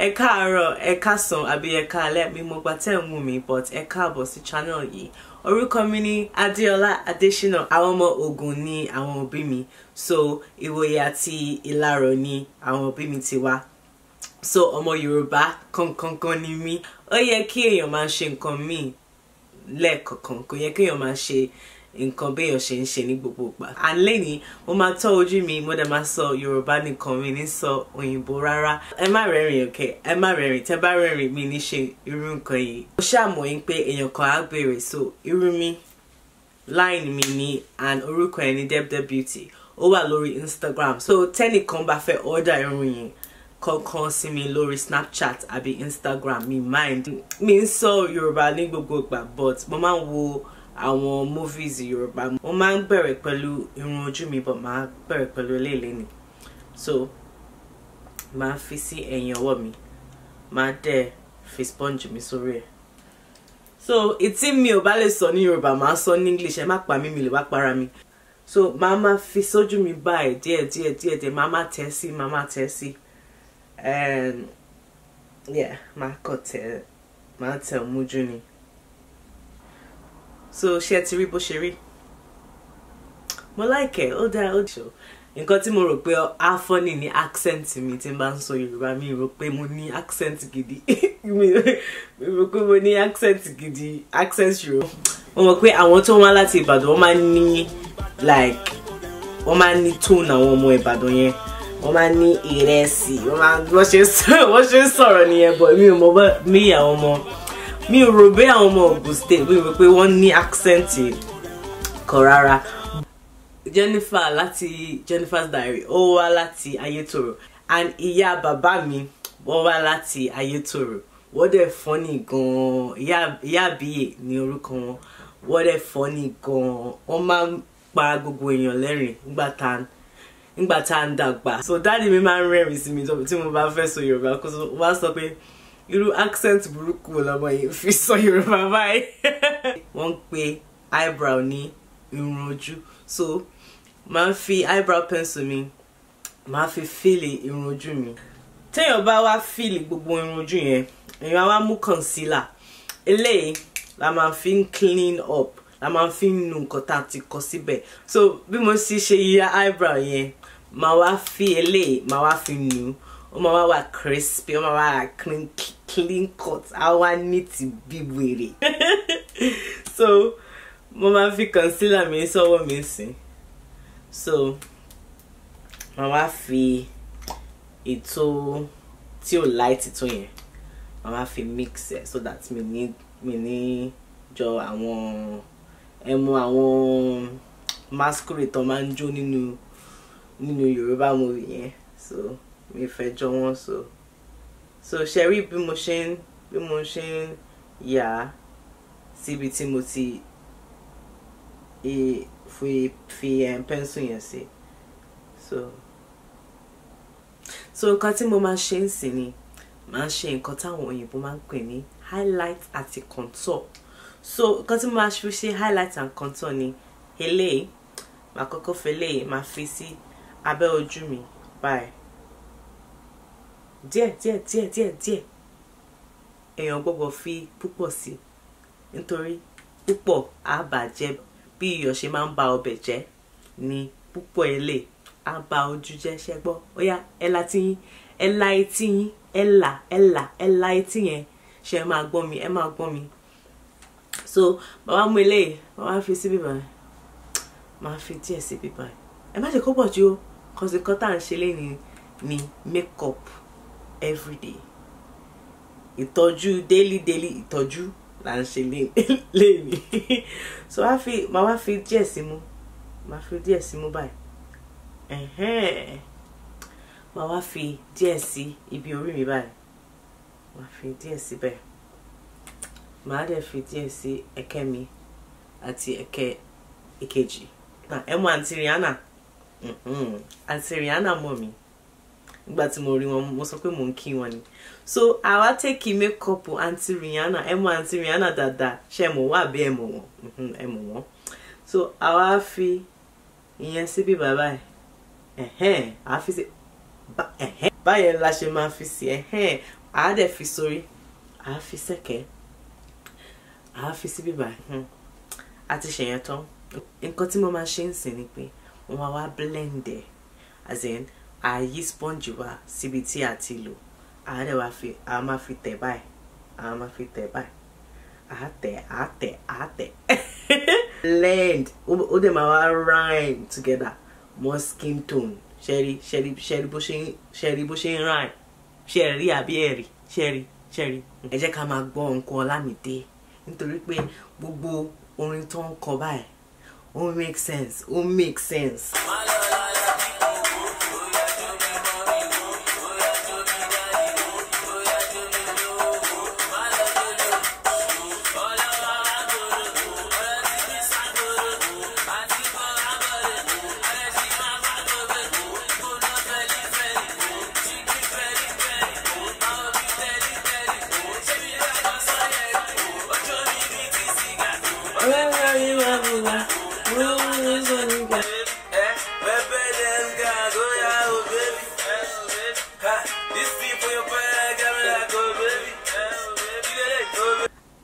ẹ káàárọ̀ ẹ abi àbí ẹ káalẹ́ mi mo gba tẹ́ ń wù mí but ẹ káàbọ̀ sí channel yìí orúkọ mi ní Adéọlá Adésínà àwọn mo Ògùn ni àwọn òbí mi so Ìwòyè àti Ìlaró ni àwọn òbí mi ti wá so omo Yorùbá kankankan ni mí ó yẹ kí èèyàn máa ṣe nǹkan míì lẹ́ẹ̀kọ̀ọ̀kan kò yẹ kí máa ṣe nǹkan béèyàn ṣe ń ṣe ní gbogbo ìgbà. and lẹ́ni mo máa tọ́ ojú mi mo dẹ̀ máa sọ yorùbá nìkan mi ní sọ òyìnbó rárá ẹ má rẹ́rìn òkè ẹ má rẹ́rìn tẹ́ bá rẹ́rìn mi ní ṣe irú nǹkan yìí. mo ṣàmọ̀ yín pé èèyàn kan á béèrè so irú mi line mi ni and orúkọ ẹ̀ ní debdeb beauty ó wà lórí instagram so tẹ́nìkan bá fẹ́ order irun yìí kankan sí mi lórí snapchat àbí instagram mi mind mi ń sọ yorùbá ní gbogbo ìgbà but mo máa ń wo àwọn movies yorùbá mo máa ń bẹ̀rẹ̀ pẹ̀lú irun ojú mi but máa bẹ̀rẹ̀ pẹ̀lú eléyìí ni so máa fi sí ẹ̀yìn ọwọ́ mi máa dẹ̀ fi sponge mi sórí ẹ̀ so ìtí mi ò bá lè sọ ní yorùbá máa sọ ní english ẹ má pa mí mi lè wá para mi so máa máa fi sójú mi báyìí díẹ̀ díẹ̀ díẹ̀ díẹ̀ máa máa tẹ̀ sí máa máa tẹ̀ sí um, yeah máa kọ tẹ̀ máa tẹ̀ mójú ni so ṣé ẹ ti rí bó ṣe rí mo láìkẹ́ ó dára ó ṣó nǹkan tí mo rò pé á ní accent mi tí n bá ń sọ Yorùbá mi rò pé mo ní accent gidi mi rò pé mo ní accent gidi accent ṣòro mo mọ̀ pé àwọn tó wá láti Ìbàdàn wọ́n máa ń ní like wọ́n máa ń ní tone àwọn ọmọ Ìbàdàn yẹn wọ́n máa ń ní ìrẹsì wọ́n máa ń wọ́n ṣe ń sọ̀rọ̀ nìyẹn bọ̀ mi ò mọ̀ bá mi àwọn ọmọ mi ò rò bẹ́ẹ̀ àwọn ọmọ Ògùn state mi rò pé wọ́n ní accent kan rárá Jennifer láti Jennifer's Diary ó wá láti Ayétòrò and ìyá bàbá mi wọ́n wá láti Ayétòrò wọ́n dẹ̀ fọ́nì gan-an ìyá àbíyè ní orúkọ wọn wọ́n dẹ̀ fọ́nì gan-an wọ́n máa ń pa gbogbo èèyàn lẹ́rìn nígbà tá a nígbà tá a ń dàgbà so dáàdi mi máa ń rẹ́rìn sí mi tí mo bá fẹ́ sọ Yorùbá kó wá sọ pé irú accent burúkú lọmọ yìí fi sọ yorùbá báyìí wọ́n ń pe eyebrow ní irun ojú so máa ń fi eyebrow pencil mi máa fi fíìlì irun ojú mi téèyàn bá wá fíìlì gbogbo irun ojú yẹn èèyàn wá mú concealer eléyìí la máa fi ń clean up la máa fi ń nu nǹkan tá a ti kọ síbẹ̀ so bí mo sì ṣe ya eyebrow yẹn màá wá fi eléyìí màá wá fi nù ó máa wá wà crispy ó máa wá clean clean cut á wá neat bí wèrè so mo máa fi concealer mi sọ́wọ́ mi sìn so màá wá fi ètò tí ò light tó yẹn màá wá fi mix ẹ̀ so that mi ní mi ní jọ àwọn ẹmu àwọn masquerade tó máa ń jó nínú nínú Yorùbá movie yẹn so mi fẹ́ jọ wọ́n so so ṣe rí bí mo ṣe ń bí mo ṣe ń yà á síbi tí mo ti e, fi eh, pẹ́ńsù yẹn sí so so nǹkan tí mo máa ṣe ń sìn ni máa ṣe nǹkan táwọn òyìnbó máa ń pè ní highlight àti contour so nǹkan tí mo máa fi ṣe highlight and contour ni eléyìí màá kọ́kọ́ fẹ́ eléyìí màá fi sí abẹ́ ojú mi báyìí díẹ̀ díẹ̀ díẹ̀ díẹ̀ díẹ̀ èèyàn gbọ́dọ̀ fi púpọ̀ sí nítorí púpọ̀ á bàjẹ́ bí iyọ̀ ṣe máa ń ba ọbẹ̀ jẹ́ ni púpọ̀ èlé á ba ojú jẹ́ ṣẹ́gbọ́ ó yá ẹ la ti yín ẹ la etí yín ẹ là ẹ là ẹ la etí yẹn ṣe ẹ máa gbọ́n mi ẹ máa gbọ́n mi so bàbá mú eléyìí bàbá fi síbí báyìí máa fi díẹ̀ síbí báyìí ẹ má ṣe kó pọ̀ jù o tá à ń ṣe lé ní ní make every day ìtọ́jú daily daily ìtọ́jú là ń ṣe léèmí so wá fi màá wá fi díẹ̀ sí mú màá fi díẹ̀ sí mú báyìí màá wá fi díẹ̀ sí ibi orí mi báyìí màá fi díẹ̀ síbẹ̀ màá dẹ̀ fi díẹ̀ sí ẹ̀kẹ́ mi àti ẹ̀kẹ́ ìkejì ẹ mú àǹtí Rihanna àǹtí Rihanna mọ̀ mi nígbà tí mo rí wọn mo sọ pé mò ń kí wọn ni so àwa tẹ́kì makeup aunty Rihanna ẹ mọ aunty Rihanna dáadáa ṣe mọ̀ wá àbí ẹ mọ̀ wọ́n mhm, ẹ mọ̀ wọ́n so àwa fi ìyẹn síbí bàbá ẹ ẹ̀hẹ́n àá fi sí ẹ̀hẹ́n báyẹn la ṣe máa fi sí ẹ̀hẹ́n àá dẹ̀ fi sórí àá fi sẹ́kẹ̀ẹ́ àá fi síbí bàbá àti hmm. ṣèyẹn tán nǹkan tí mo máa ṣe ń sìn ni pé wọn wá blend ẹ as in à yí sponge wa síbi tí a ti lò à dẹ̀ wá fi à máa fi tẹ̀ báyìí à máa fi tẹ̀ báyìí à tẹ̀ a tẹ̀ à tẹ̀ blend ó dẹ̀ máa wá rhyme together mọ́ skin tone ṣẹ́rí ṣẹ́rí ṣẹ́rí bó ṣe ń ṣẹ́rí bó ṣe ń rhyme ṣẹ́rí àbí ẹ̀rí ṣẹ́rí ṣẹ́rí. ẹ jẹ́ ká máa gbọ́ nǹkan Ọlámídé nítorí pé gbogbo orin tó ń kọ báyìí ó make sense ó make sense.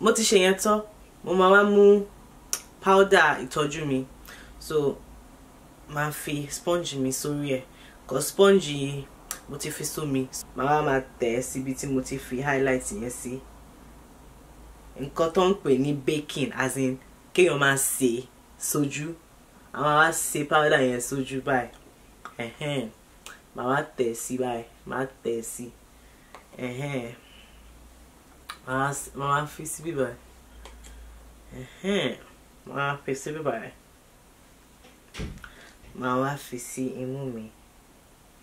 mo ti ṣe yẹn tán mo máa wá mú powder ìtọ́jú mi so máa fi sponge mi sórí ẹ̀ kọ́ sponge yìí mo ti fi sómi màá wá máa tẹ̀ ẹ́ síbi tí mo ti fi highlight yẹn sí. Si nǹkan tó ń pè ní baking as in kéèyàn máa sè é sójú àwọn àwa sè powder yẹn soju, báyìí ẹ̀hẹ́n màá wá tẹ̀ sí báyìí màá tẹ̀ sí ẹ̀hẹ́n màá wá fi sí bíbá ẹ̀hẹ́n màá wá fi sí bíbá màá wá fi sí imú mi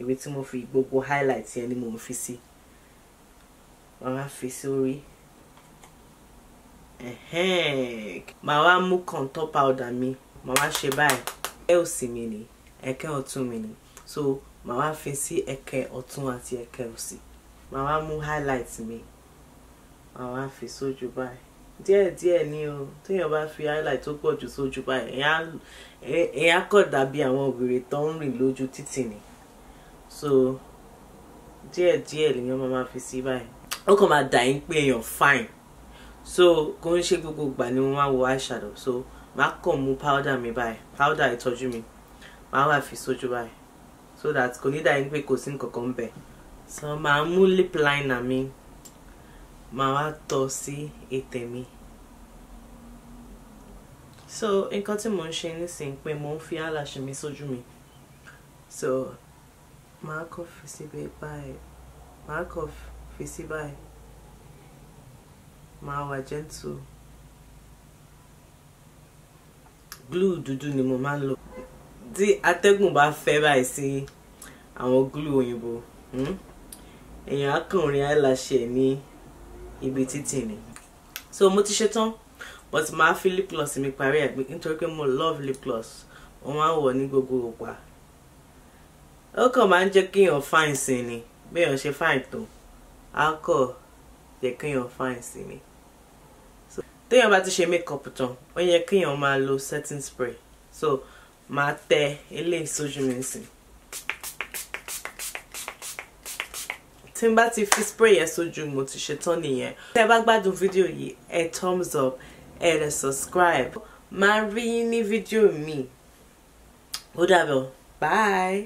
ibi tí mo fi gbogbo highlight yẹn ni mo fi sí màá wá fi sí orí màá wá mú contour powder mi màá wá ṣe báyìí ẹ ò sì mi ni ẹ̀kẹ́ ọ̀tún mi ni so màá wá fi sí ẹ̀kẹ́ ọ̀tún àti ẹ̀kẹ́ òsì màá wá mú highlight mi màá wá fi sójú báyìí díẹ̀ díẹ̀ ni o téèyàn bá fi highlight tó pọ̀ jù sójú báyìí èèyàn á kọ̀ dàbí àwọn òbèrè tó ń rìn lójú títì ni so díẹ̀ díẹ̀ lèèyàn máa fi sí báyìí ó kàn máa dà yín pé èèyàn fine so kò ń ṣe gbogbo ìgbà ni mo máa wọ eyeshadow so màá kàn mú powder mi báyìí powder ìtọ́jú mi màá wà fi sójú báyìí so that kò ní dàbí pé kò sí nǹkankan bẹ̀ so màá mú lip liner mi màá wá tọ́ sí ètè mi so nǹkan tí mo ń ṣe nísìnyí pé mo ń fi eyelash mi sójú mi so màá kàn fi síbi báyìí màá kàn fi sí báyìí máa wà gentle glue dúdú ni mo máa ń lò tí atẹ́gùn bá fẹ́ báyìí sí àwọn glue òyìnbó hmm, èèyàn akànrin eyelash ẹ̀ ní ibi títì ni so mo ti ṣetán but màá fi lip gloss mi parí ẹ̀ nítorí pé mo love lip gloss wọ́n máa ń wọ̀ ní gbogbo òpá ó kàn máa ń jẹ́ kéèyàn fine sí ni béèyàn ṣe fine tó á kọ̀ jẹ́ kéèyàn fine sí ni téèyàn bá ti ṣe makeup tán ó yẹ kéèyàn máa lo setting spray so máa tẹ eléyìí sójú mi sí tí n bá ti fi spray yẹn sójú mo ti ṣetán nìyẹn tẹ́ bá gbádùn fídíò yìí ẹ thumbs up ẹ lè subscribe máa rí ní fídíò mi ó dàbọ̀ bye.